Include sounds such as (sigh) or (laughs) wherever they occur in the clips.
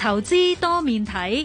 投資多面睇。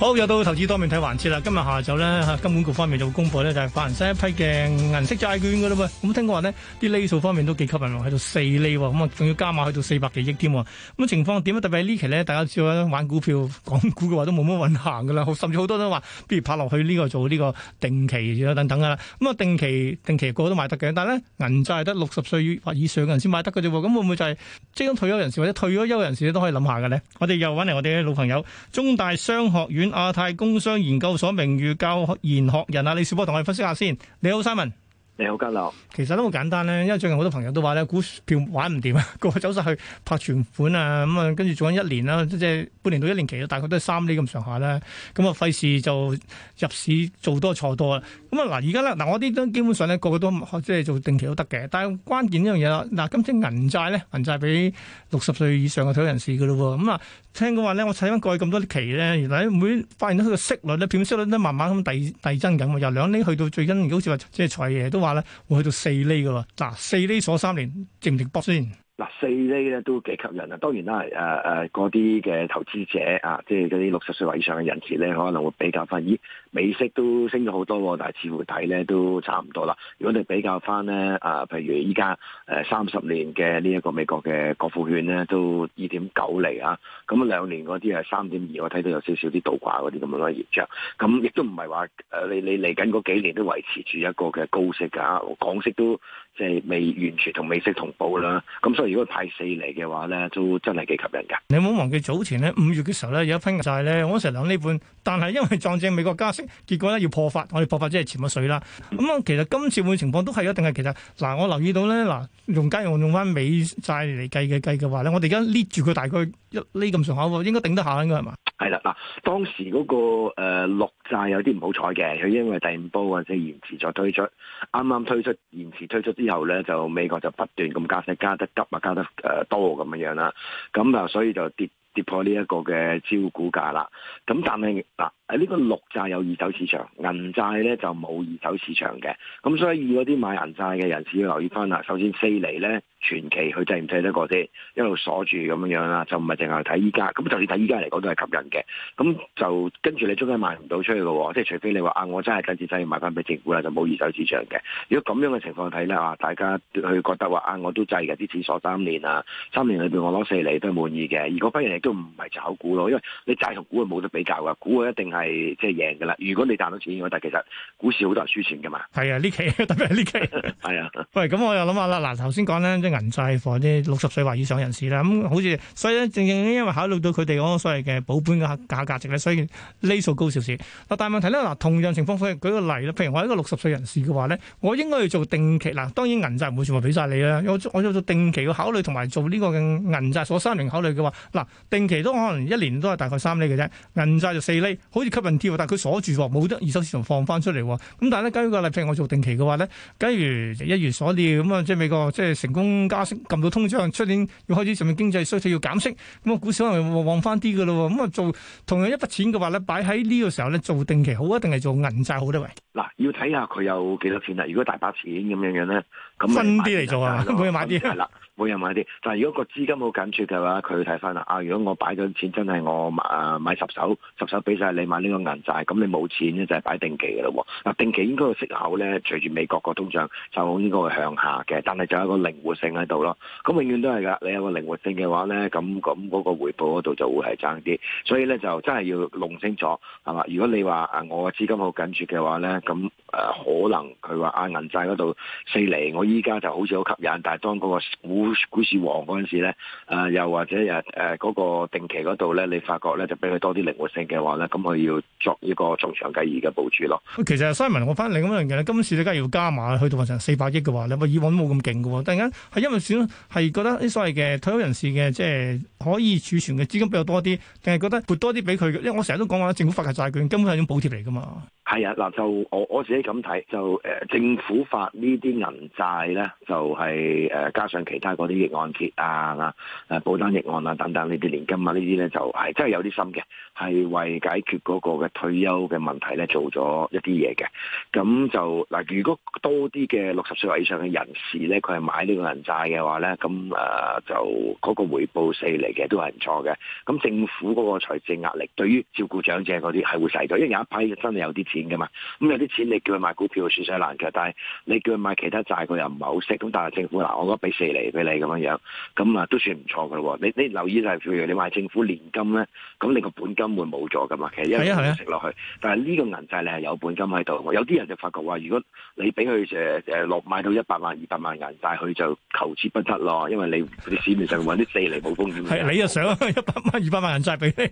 好，又到投資多面睇環節啦。今日下晝呢，金管局方面就公佈呢，就係發行新一批嘅銀色債券噶啦噃。咁聽講話呢啲利數方面都幾吸引喎，喺度四厘喎、哦。咁啊，仲要加碼去到四百幾億添、哦、喎。咁情況點啊？特別喺呢期呢，大家知道玩股票、港股嘅話，都冇乜運行噶啦。甚至好多都話，不如拍落去呢個做呢個定期啊等等噶啦。咁啊，定期定期個都買得嘅，但係呢，銀債得六十歲或以上嘅人先買得嘅啫喎。咁會唔會就係、是、即係退休人士或者退咗休人士都可以諗下嘅呢？我哋又揾嚟我哋嘅老朋友中大商學院。亞太工商研究所名譽教研學人李兆波同我哋分析下先。你好，Simon。你好，吉佬。其實都好簡單咧，因為最近好多朋友都話咧，股票玩唔掂啊，個個走晒去拍存款啊，咁啊，跟住做緊一年啦，即係半年到一年期，大概都係三厘咁上下啦，咁啊，費事就入市做多錯多啦。咁啊，嗱，而家咧，嗱，我啲都基本上咧，個個都即係做定期都得嘅。但係關鍵一樣嘢啦，嗱，今次銀債咧，銀債俾六十歲以上嘅退休人士噶咯喎。咁啊，聽講話咧，我睇翻過去咁多期咧，原來咧，你會發現到佢個息率咧，票息率咧，慢慢咁遞遞增緊喎，由兩厘去到最近，而家好似話即係財爺都話。會去到四厘噶，嗱，四厘鎖三年，值唔值搏先？嗱四厘咧都幾吸引啊！當然啦，誒誒嗰啲嘅投資者啊，即係嗰啲六十歲以上嘅人士咧，可能會比較翻。咦，美息都升咗好多，但係似乎睇咧都差唔多啦。如果你比較翻咧，啊，譬如依家誒三十年嘅呢一個美國嘅國庫券咧，都二點九厘啊。咁兩年嗰啲係三點二，我睇到有少少啲倒掛嗰啲咁嘅咯，現象。咁亦都唔係話誒，你你嚟緊嗰幾年都維持住一個嘅高息啊。港息都。即係未完全同美息同步啦，咁所以如果派四厘嘅話咧，都真係幾吸引㗎。你唔好忘記早前咧，五月嘅時候咧，有一批銀債咧，我成日兩厘半，但係因為撞正美國加息，結果咧要破發，我哋破發即係潛咗水啦。咁啊、嗯嗯，其實今次嘅情況都係一定係其實嗱，我留意到咧嗱，用家用用翻美債嚟計嘅計嘅話咧，我哋而家捏住佢大概。呢咁上下應該頂得下應該係嘛？係啦，嗱，當時嗰、嗰個誒綠、呃、債有啲唔好彩嘅，佢因為第五波或者、即係、延遲再推出，啱啱推出延遲推出之後咧，就美國就不斷咁加息，加得急啊，加得誒、呃、多咁樣樣啦，咁啊，所以就跌跌破呢一個嘅招股價啦，咁但係嗱。啊。呢個綠債有二手市場，銀債咧就冇二手市場嘅，咁所以意嗰啲買銀債嘅人士要留意翻啦。首先四厘咧，存期佢制唔制得過先，一路鎖住咁樣樣啦，就唔係淨係睇依家，咁就算睇依家嚟講都係吸引嘅，咁就跟住你中間賣唔到出去嘅喎、哦，即係除非你話啊，我真係緊接真要賣翻俾政府啦，就冇二手市場嘅。如果咁樣嘅情況睇咧啊，大家佢覺得話啊，我都制嘅，啲錢鎖三年啊，三年裏邊我攞四厘都滿意嘅。如果不然嚟都唔係炒股咯，因為你債同股啊冇得比較㗎，股一定係。係即係贏噶啦！如果你賺到錢，嘅話但其實股市好多人輸錢噶嘛。係啊，呢期特別係呢期係 (laughs) (laughs) 啊。喂，咁我又諗下啦。嗱，頭先講咧啲銀債放即六十歲或以上人士啦。咁好似所以咧，正正因為考慮到佢哋嗰個所謂嘅保本嘅價價值咧，所以呢數高少少。嗱，但係問題咧，嗱，同樣情況，佢舉個例啦。譬如我一個六十歲人士嘅話咧，我應該要做定期。嗱，當然銀債唔會全部俾晒你啦。我要做定期嘅考慮，同埋做呢個嘅銀債所三年考慮嘅話，嗱，定期都可能一年都係大概三厘嘅啫，銀債就四厘，好似。吸引啲喎，但係佢鎖住喎，冇得二手市場放翻出嚟喎。咁但係咧，假如個例譬如我做定期嘅話咧，假如一如所料咁啊，即係美國即係成功加息，撳到通脹，出年要開始上面經濟衰退要減息，咁啊股市可能會望翻啲嘅咯喎。咁啊做同樣一筆錢嘅話咧，擺喺呢個時候咧做定期好啊，一定係做銀債好得喎。嗱，要睇下佢有幾多錢啊，如果大把錢咁樣樣咧，咁分啲嚟做啊，每我 (laughs) 人買啲。係啦，每人買啲。 (laughs) 但係如果個資金好緊缺嘅話，佢睇翻啦。啊，如果我擺咗啲錢，真係我買啊買十手，十手俾晒你。買呢個銀債，咁你冇錢咧就係、是、擺定期嘅啦。嗱，定期應該個息口咧，隨住美國個通脹就應該會向下嘅。但係就有一個靈活性喺度咯。咁永遠都係噶，你有個靈活性嘅話咧，咁咁嗰個回報嗰度就會係差啲。所以咧就真係要弄清楚，係嘛？如果你話啊，我嘅資金好緊絀嘅話咧，咁誒可能佢話啊銀債嗰度四厘，我依家就好似好吸引。但係當嗰個股股市旺嗰陣時咧，誒、呃、又或者又誒嗰個定期嗰度咧，你發覺咧就俾佢多啲靈活性嘅話咧，咁佢。要做呢個從長計議嘅部署咯。其實，Simon，我翻嚟咁樣樣嘅，今次你梗係要加碼去到話成四百億嘅話，你咪以往都冇咁勁嘅喎。突然間係因為點咧？係覺得呢所謂嘅退休人士嘅即係可以儲存嘅資金比較多啲，定係覺得撥多啲俾佢嘅？因為我成日都講話，政府發嘅債券根本係一種補貼嚟㗎嘛。係啊，嗱就我我自己咁睇，就誒、呃、政府發呢啲銀債咧，就係、是、誒、呃、加上其他嗰啲逆按揭啊、啊保單逆按啊等等呢啲年金啊呢啲咧，就係、是、真係有啲心嘅，係為解決嗰個嘅退休嘅問題咧做咗一啲嘢嘅。咁就嗱、呃，如果多啲嘅六十歲以上嘅人士咧，佢係買呢個銀債嘅話咧，咁誒、呃、就嗰、那個回報四厘嘅都係唔錯嘅。咁政府嗰個財政壓力對於照顧長者嗰啲係會細咗，因為有一批真係有啲錢。嘅嘛，咁有啲錢你叫佢買股票算上難嘅，但係你叫佢買其他債佢又唔係好識，咁但係政府嗱，我覺得俾四厘俾你咁樣樣，咁啊都算唔錯嘅咯。你你留意就係譬如你買政府年金咧，咁你個本金會冇咗嘅嘛，其實因為食落去。是啊是啊，但係呢個銀債你係有本金喺度，有啲人就發覺話，如果你俾佢誒誒落買到一百萬二百萬銀債，佢就求之不得咯，因為你你市面上揾啲四厘冇風險。 (laughs) 你又想一百萬二百萬銀債俾你？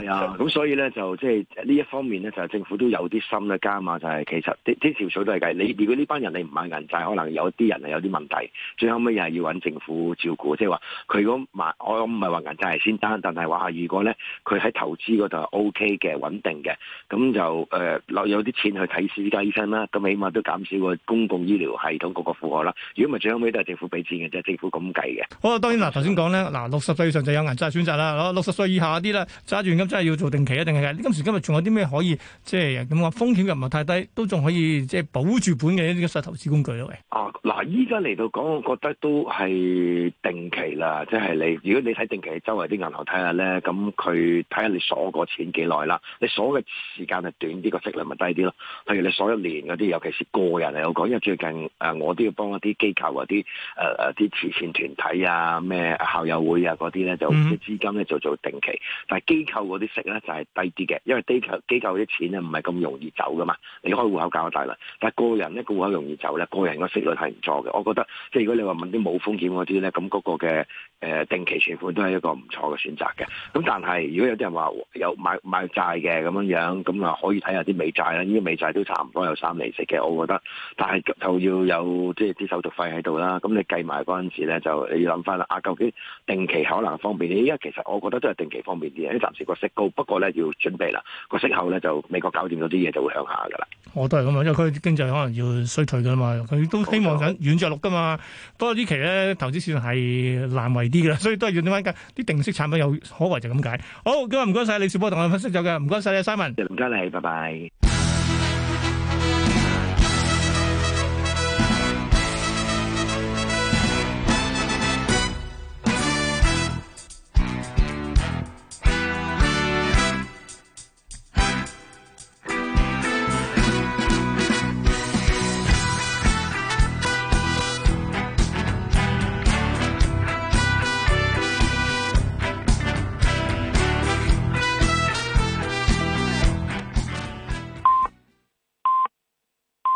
係。 (laughs) 啊，咁所以咧就即係呢一方面咧就係政府都有啲。心嘅加碼，就係其實啲啲條數都係計。你如果呢班人你唔買銀債，可能有啲人係有啲問題。最後尾又係要揾政府照顧，即係話佢如果買，我唔係話銀債係先單，但係話，如果咧佢喺投資嗰度係 O K 嘅，穩定嘅，咁就誒攞，呃、有啲錢去睇私家醫生啦。咁起碼都減少個公共醫療系統嗰個負荷啦。如果唔係，最後尾都係政府俾錢嘅即係，政府咁計嘅。好啊，當然嗱，頭先講咧，嗱六十歲以上就有銀債選擇啦。六十歲以下啲啦，揸住咁真係要做定期一定係嘅。今時今日仲有啲咩可以即係咁講？風險又唔係太低，都仲可以即係保住本嘅一啲嘅實投資工具咯。啊，嗱，依家嚟到講，我覺得都係定期啦，即係你如果你睇定期，周圍啲銀行睇下咧，咁佢睇下你鎖個錢幾耐啦。你鎖嘅時間係短啲，個息率咪低啲咯。譬如你鎖一年嗰啲，尤其是個人嚟我講，因為最近誒我都要幫一啲機構嗰啲誒誒啲慈善團體啊、咩校友會啊嗰啲咧，嗯、就啲資金咧就做定期，但係機構嗰啲息咧就係低啲嘅，因為機構機構啲錢咧唔係咁容易。易走㗎嘛，你開戶口較大啦。但係個人咧個戶口容易走咧，個人嘅息率係唔錯嘅。我覺得即係如果你話問啲冇風險嗰啲咧，咁嗰個嘅。誒、呃、定期存款都係一個唔錯嘅選擇嘅，咁但係如果有啲人話有買買債嘅咁樣樣，咁啊可以睇下啲美債啦，呢啲美債都差唔多，有三厘息嘅，我覺得，但係就要有即係啲手續費喺度啦，咁你計埋嗰陣時咧，就你要諗翻啦。啊，究竟定期可能方便啲，因為其實我覺得都係定期方便啲，因為暫時個息高，不過咧要準備啦，個息口咧就美國搞掂咗啲嘢就會向下噶啦。我都係咁樣，因為佢經濟可能要衰退噶嘛，佢都希望想軟着陸噶嘛，不過呢期咧投資算場係難為啲啦，所以都係要點樣解？啲定息產品有可為就咁解。好，今日唔該晒李兆波同我哋分析咗嘅，唔該曬你啊 Simon，唔該你，拜拜。 (noise)